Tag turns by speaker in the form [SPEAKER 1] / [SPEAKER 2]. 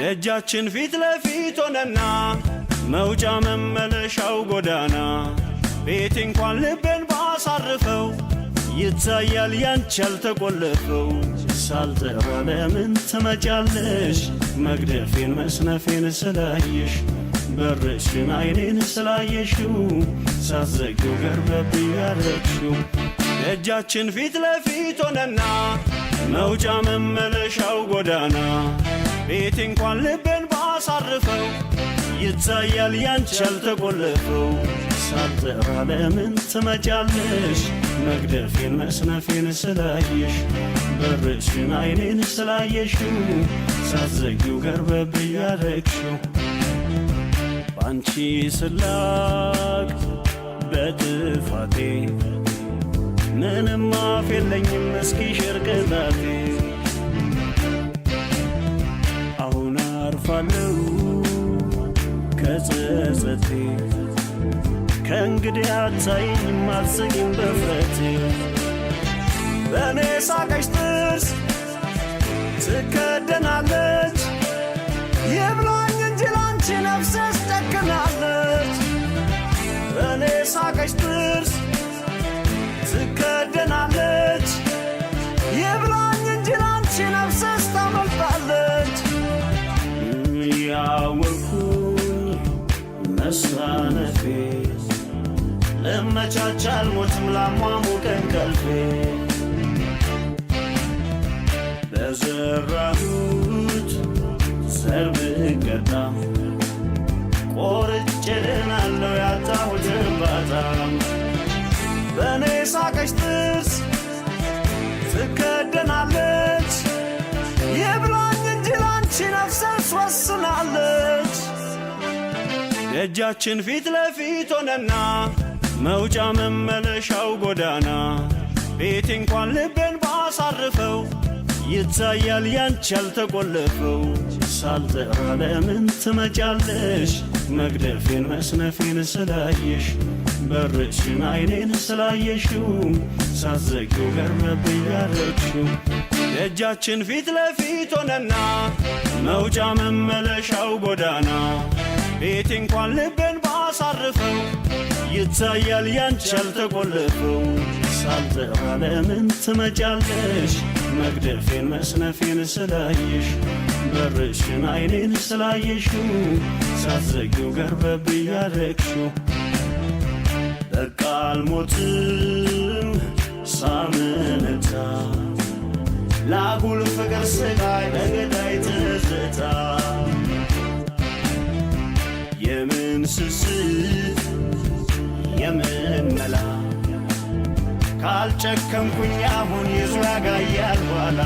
[SPEAKER 1] ደጃችን ፊት ለፊት ሆነና መውጫ መመለሻው ጎዳና ቤት እንኳን ልቤን ባሳርፈው ይታያል ያንቺ ያልተቆለፈው
[SPEAKER 2] ሳልጠራ ለምን ትመጫለሽ መግደፌን መስነፌን ስላየሽ በርሽን አይኔን ስላየሽው ሳዘጊው ገርበብ ያረግሽው
[SPEAKER 1] ደጃችን ፊት ለፊት ሆነና መውጫ መመለሻው ጎዳና ቤት እንኳን ልቤን ባሳርፈው ይታያል ያንቺ ያልተቆለፈው
[SPEAKER 2] ሳጥራ ለምን ትመጫለሽ መግደፌን መስነፌን ስላየሽ በርሽን አይኔን ስላየሽው ሳዘጊው ገርበብ እያረግሽው
[SPEAKER 3] በአንቺ ስላቅ በድፋቴ ምንም አፍ የለኝም እስኪ ሽርቅላቴ አርፋለሁ ከጸጸቴ ከእንግዲህ አታይኝም አትስቂም በፍረቴ
[SPEAKER 4] በእኔ ሳቀሽ ጥርስ ትከ
[SPEAKER 5] ይመቻቻል ሞትም ላሟሙቀን ቀልፌ በዘራሁት ዘር ብቀጣ ቆርጬ ድናለው ያጣሁት እርባታ
[SPEAKER 4] በእኔ ሳቀች ጥርስ ትከደናለች የብላኝ እንጂ ላንቺ ነፍሰስ ወስናለች
[SPEAKER 1] የእጃችን ፊት ለፊት ሆነና መውጫ መመለሻው ጎዳና ቤት እንኳን ልቤን ባሳርፈው ይታያል ያንቺ ያልተቆለፈው
[SPEAKER 2] ሳልጠራ ለምን ትመጫለሽ? መግደፌን መስነፌን ስላየሽ በርሽን አይኔን ስላየሽው ሳዘጊው ገረብኝ ያለችው
[SPEAKER 1] ደጃችን ፊት ለፊት ሆነና መውጫ መመለሻው ጎዳና ቤት እንኳን ልቤን ባሳርፈው ይታያል ያንቺ ያልተቆለፈው
[SPEAKER 2] ሳተ ዓለምን ትመጫለሽ መግደፌን መስነፌን ስላየሽ በርሽን አይኔን ስላየሹ ሳትዘጊው ገርበብ እያረግሹ?
[SPEAKER 6] በቃ አልሞትም ሳምንታ ለአጉል ፍቅር ስቃይ ለገዳይ ትዝታ
[SPEAKER 7] የምን ስስል ካልጨከንኩኝ አሁን የዙ ያጋያል ኋላ